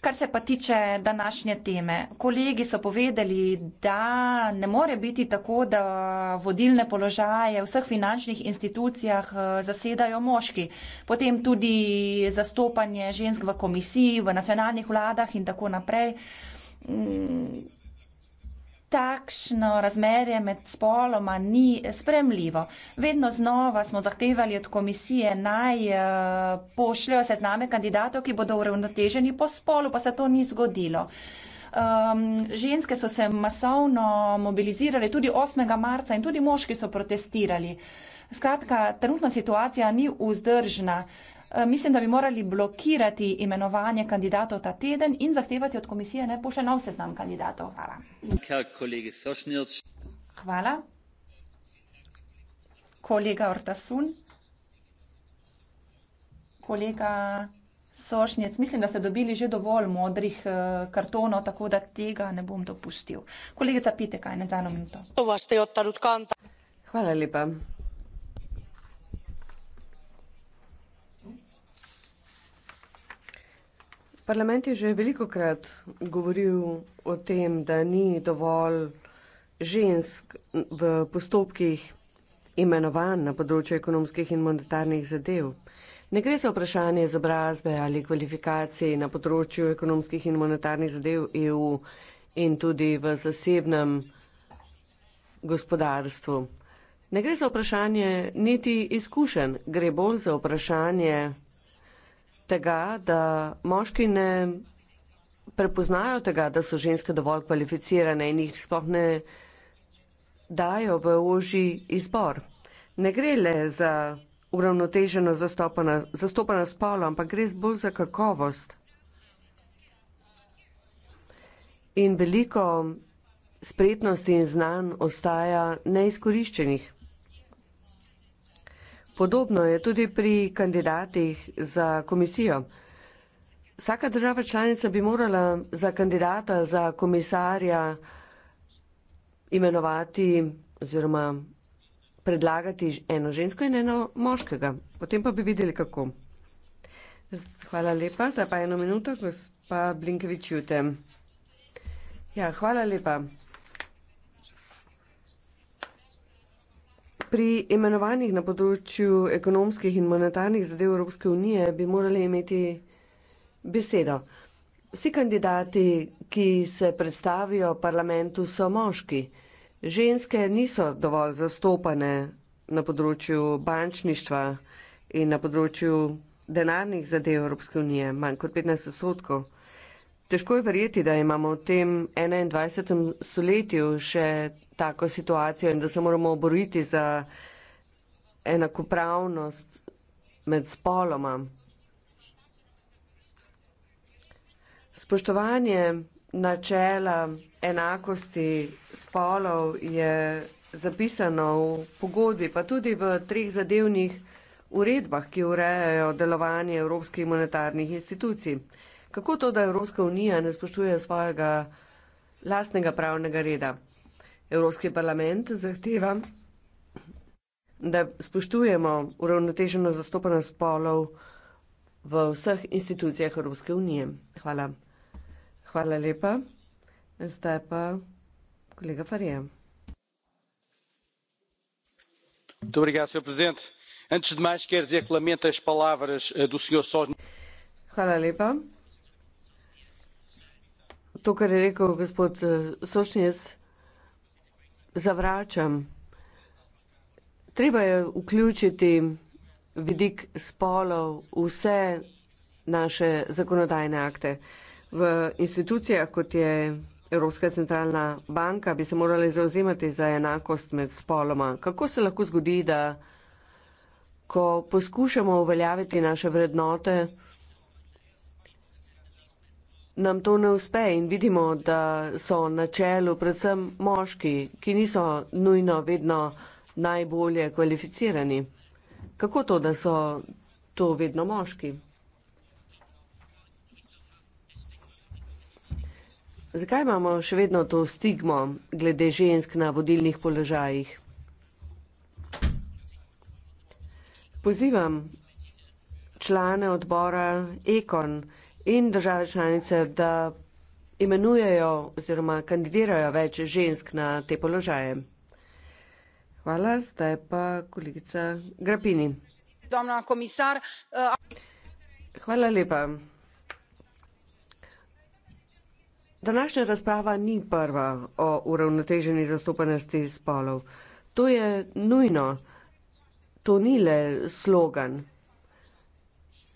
Kar se pa tiče današnje teme, kolegi so povedali, da ne more biti tako, da vodilne položaje v vseh finančnih institucijah eh, zasedajo moški, potem tudi zastopanje žensk v komisiji, v nacionalnih vladah in tako naprej. Mm, takšno razmerje med spoloma ni spremljivo. Vedno znova smo zahtevali od komisije naj eh, pošljajo sezname kandidatov, ki bodo uravnoteženi po spolu, pa se to ni zgodilo. Um, ženske so se masovno mobilizirale tudi 8. marca in tudi moški so protestirali. Skratka, trenutna situacija ni vzdržna. Uh, Eh, mislim, da bi morali blokirati imenovanje kandidatov ta teden in zahtevati od komisije, da pošlje nov seznam kandidatov. Hvala. Hvala. Kolega Ortasun. Kolega Sošnjec, mislim, da ste dobili že dovolj modrih eh, kartonov, tako da tega ne bom dopustil. Kolegica Piteka, ena za eno minuto. Hvala lepa. Parlament je že veliko krat govoril o tem, da ni dovolj žensk v postopkih imenovanj na področju ekonomskih in monetarnih zadev. Ne gre za vprašanje izobrazbe ali kvalifikacij na področju ekonomskih in monetarnih zadev EU in tudi v zasebnem gospodarstvu. Ne gre za vprašanje niti izkušenj, gre bolj za vprašanje tega, da moški ne prepoznajo tega, da so ženske dovolj kvalificirane in jih sploh ne dajo v oži izbor. Ne gre le za uravnoteženo zastopana, zastopana spola, ampak gre bolj za kakovost. In veliko spretnosti in znanj ostaja neizkoriščenih. Podobno je tudi pri kandidatih za komisijo. Vsaka država članica bi morala za kandidata, za komisarja imenovati oziroma predlagati eno žensko in eno moškega. Potem pa bi videli, kako. Hvala lepa. Zdaj pa eno minuto, gospa Blinkevič Jute. Ja, hvala lepa. Pri imenovanjih na področju ekonomskih in monetarnih zadev Evropske unije bi morali imeti besedo. Vsi kandidati, ki se predstavijo parlamentu, so moški. Ženske niso dovolj zastopane na področju bančništva in na področju denarnih zadev Evropske unije, manj kot 15 odstotkov. Težko je verjeti, da imamo v tem 21. stoletju še tako situacijo in da se moramo boriti za enakopravnost med spoloma. Spoštovanje načela enakosti spolov je zapisano v pogodbi, pa tudi v treh zadevnih uredbah, ki urejajo delovanje evropskih monetarnih institucij. Kako to, da Evropska unija ne spoštuje svojega lastnega pravnega reda? Evropski parlament zahteva, da spoštujemo uravnoteženo zastopanost spolov v vseh institucijah Evropske unije. Hvala. Hvala lepa. Zdaj pa kolega Farija. Eh, Hvala lepa to, kar je rekel gospod eh, Sošnjec, zavračam. Treba je vključiti vidik spolov vse naše zakonodajne akte. V institucijah, kot je Evropska centralna banka, bi se morali zauzemati za enakost med spoloma. Kako se lahko zgodi, da ko poskušamo uveljaviti naše vrednote, nam to ne uspe in vidimo, da so na čelu predvsem moški, ki niso nujno vedno najbolje kvalificirani. Kako to, da so to vedno moški? Zakaj imamo še vedno to stigmo glede žensk na vodilnih položajih? Pozivam člane odbora Ekon, in države članice, da imenujejo oziroma kandidirajo več žensk na te položaje. Hvala, zdaj pa kolegica Grapini. Eh, Hvala lepa. Današnja razprava ni prva o uravnoteženi zastopanosti spolov. To je nujno. To ni le slogan.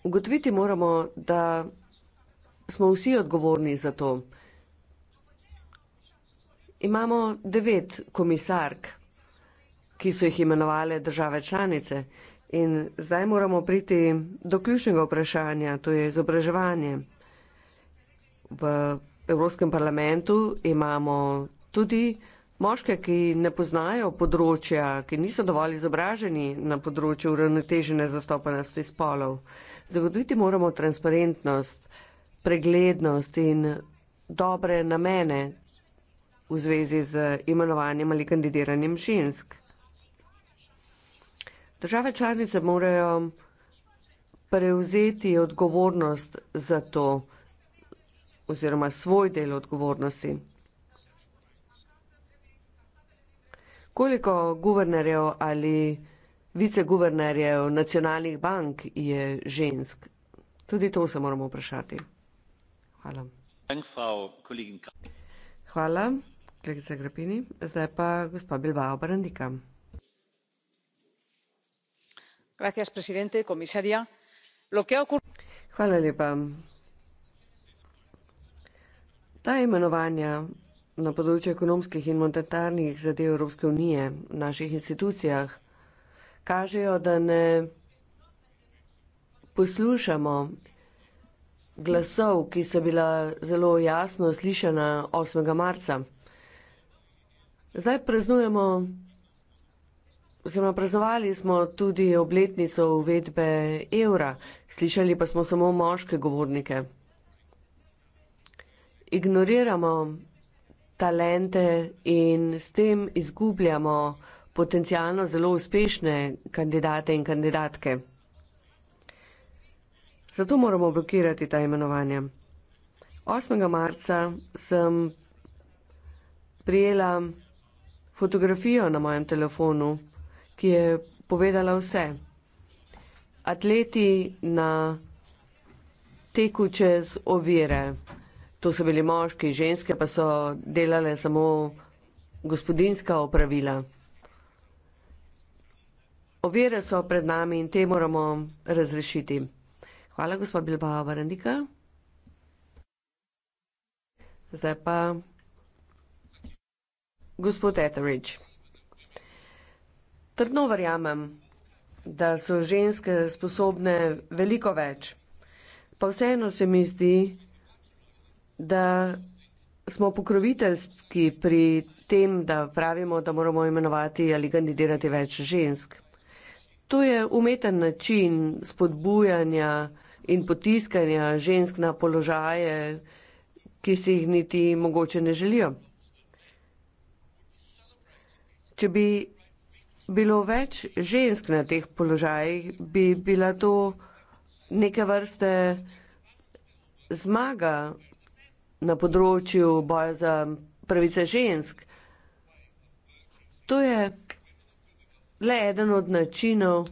Ugotoviti moramo, da smo vsi odgovorni za to. Imamo devet komisark, ki so jih imenovali države članice in zdaj moramo priti do ključnega vprašanja, to je izobraževanje. V Evropskem parlamentu imamo tudi moške, ki ne poznajo področja, ki niso dovolj izobraženi na področju uravnotežene zastopanosti spolov. Zagotoviti moramo transparentnost preglednost in dobre namene v zvezi z imenovanjem ali kandidiranjem žensk. Države članice morajo prevzeti odgovornost za to oziroma svoj del odgovornosti. Koliko guvernerjev ali viceguvernerjev nacionalnih bank je žensk? Tudi to se moramo vprašati. Hvala. Hvala, kolegica Grapini. Zdaj pa gospa Bilbao Baranica. Hvala lepa. Ta imenovanja na področju ekonomskih in monetarnih zadev Evropske unije v naših institucijah kažejo, da ne poslušamo glasov, ki so bila zelo jasno slišana 8. marca. Zdaj praznujemo, oziroma praznovali smo tudi obletnico uvedbe evra, slišali pa smo samo moške govornike. Ignoriramo talente in s tem izgubljamo potencijalno zelo uspešne kandidate in kandidatke zato moramo blokirati ta imenovanja. 8. marca sem prijela fotografijo na mojem telefonu, ki je povedala vse. Atleti na teku čez ovire. To so bili moški, ženske pa so delale samo gospodinska opravila. Ovire so pred nami in te moramo razrešiti. Hvala, gospa Bilbao Barandika. Zdaj pa gospod Etheridge. Trdno verjamem, da so ženske sposobne veliko več, pa vseeno se mi zdi, da smo pokroviteljski pri tem, da pravimo, da moramo imenovati ali kandidirati več žensk. To je umeten način spodbujanja in potiskanja žensk na položaje, ki si jih niti mogoče ne želijo. Če bi bilo več žensk na teh položajih, bi bila to neke vrste zmaga na področju boja za pravice žensk. To je le eden od načinov,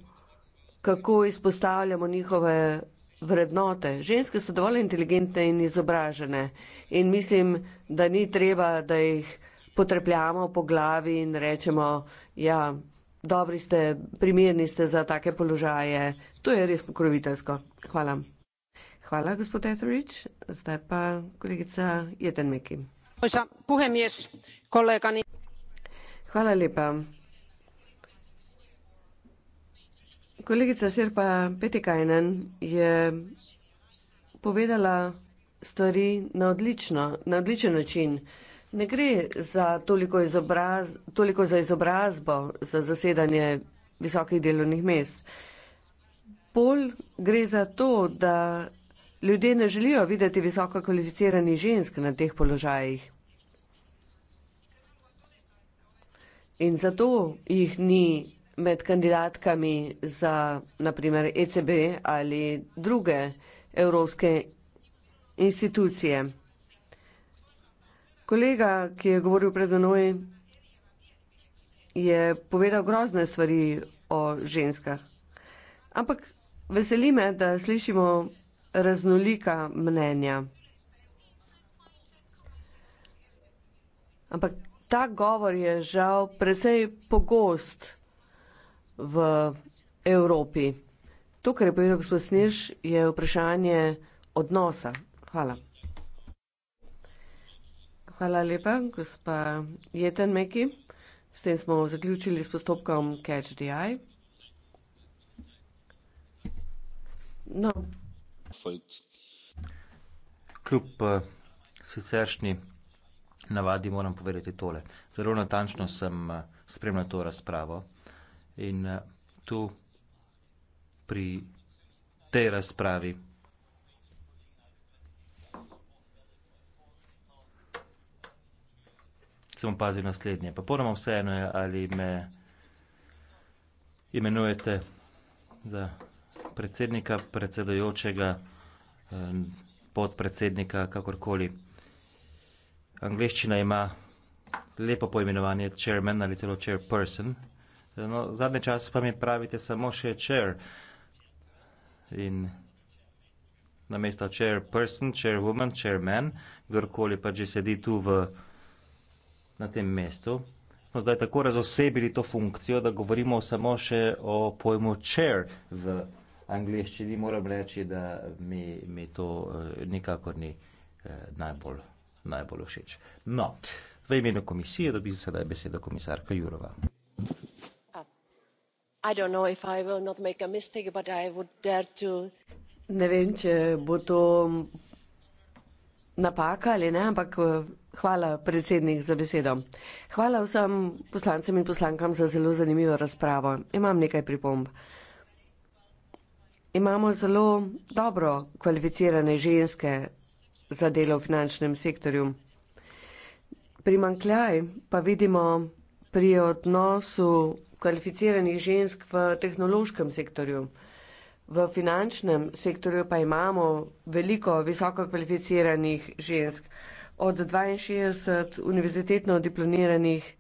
kako izpostavljamo njihove vrednote. Ženske so dovolj inteligentne in izobražene in mislim, da ni treba, da jih potrpljamo po glavi in rečemo, ja, dobri ste, primerni ste za take položaje. To je res pokroviteljsko. Hvala. Hvala, gospod Etherich. Zdaj pa kolegica Jeten Meki. Hvala lepa. Kolegica Sirpa Petikajnen je povedala stvari na odlično, na odličen način. Ne gre za toliko, izobraz, toliko za izobrazbo, za zasedanje visokih delovnih mest. Pol gre za to, da ljudje ne želijo videti visoko kvalificirani žensk na teh položajih. In zato jih ni med kandidatkami za naprimer ECB ali druge evropske institucije. Kolega, ki je govoril pred menoj, je povedal grozne stvari o ženskah. Ampak veseli me, da slišimo raznolika mnenja. Ampak ta govor je žal precej pogost v Evropi. To, kar je povedal gospod Snež, je vprašanje odnosa. Hvala. Hvala lepa, gospa Jeten Meki. S tem smo zaključili s postopkom CatchDI. No. Kljub uh, siceršnji navadi moram povedati tole. Zelo natančno sem uh, spremljal to razpravo in eh, tu pri tej razpravi. Samo pazi naslednje. Pa ponovno vseeno je, ali me imenujete za predsednika, predsedojočega, eh, podpredsednika, kakorkoli. Angliščina ima lepo poimenovanje chairman ali celo chairperson. No, zadnje čase pa mi pravite samo še chair. In na mesto chair person, chair woman, chair man, kdorkoli pa že sedi tu v, na tem mestu. Smo zdaj tako razosebili to funkcijo, da govorimo samo še o pojmu chair v angliščini. Moram reči, da mi, mi to eh, nikakor ni eh, najbolj, najbolj všeč. No, v imenu komisije dobi sedaj besedo komisarka Jurova. Thank you i don't know if i will not make a mistake but i would dare to ne vem če bo to napaka ali ne ampak eh, Hvala predsednik za besedo. Hvala vsem poslancem in poslankam za zelo zanimivo razpravo. Imam nekaj pripomb. Imamo zelo dobro kvalificirane ženske za delo v finančnem sektorju. Primankljaj pa vidimo pri odnosu kvalificiranih žensk v tehnološkem sektorju. V finančnem sektorju pa imamo veliko visoko kvalificiranih žensk. Od 62 univerzitetno diplomiranih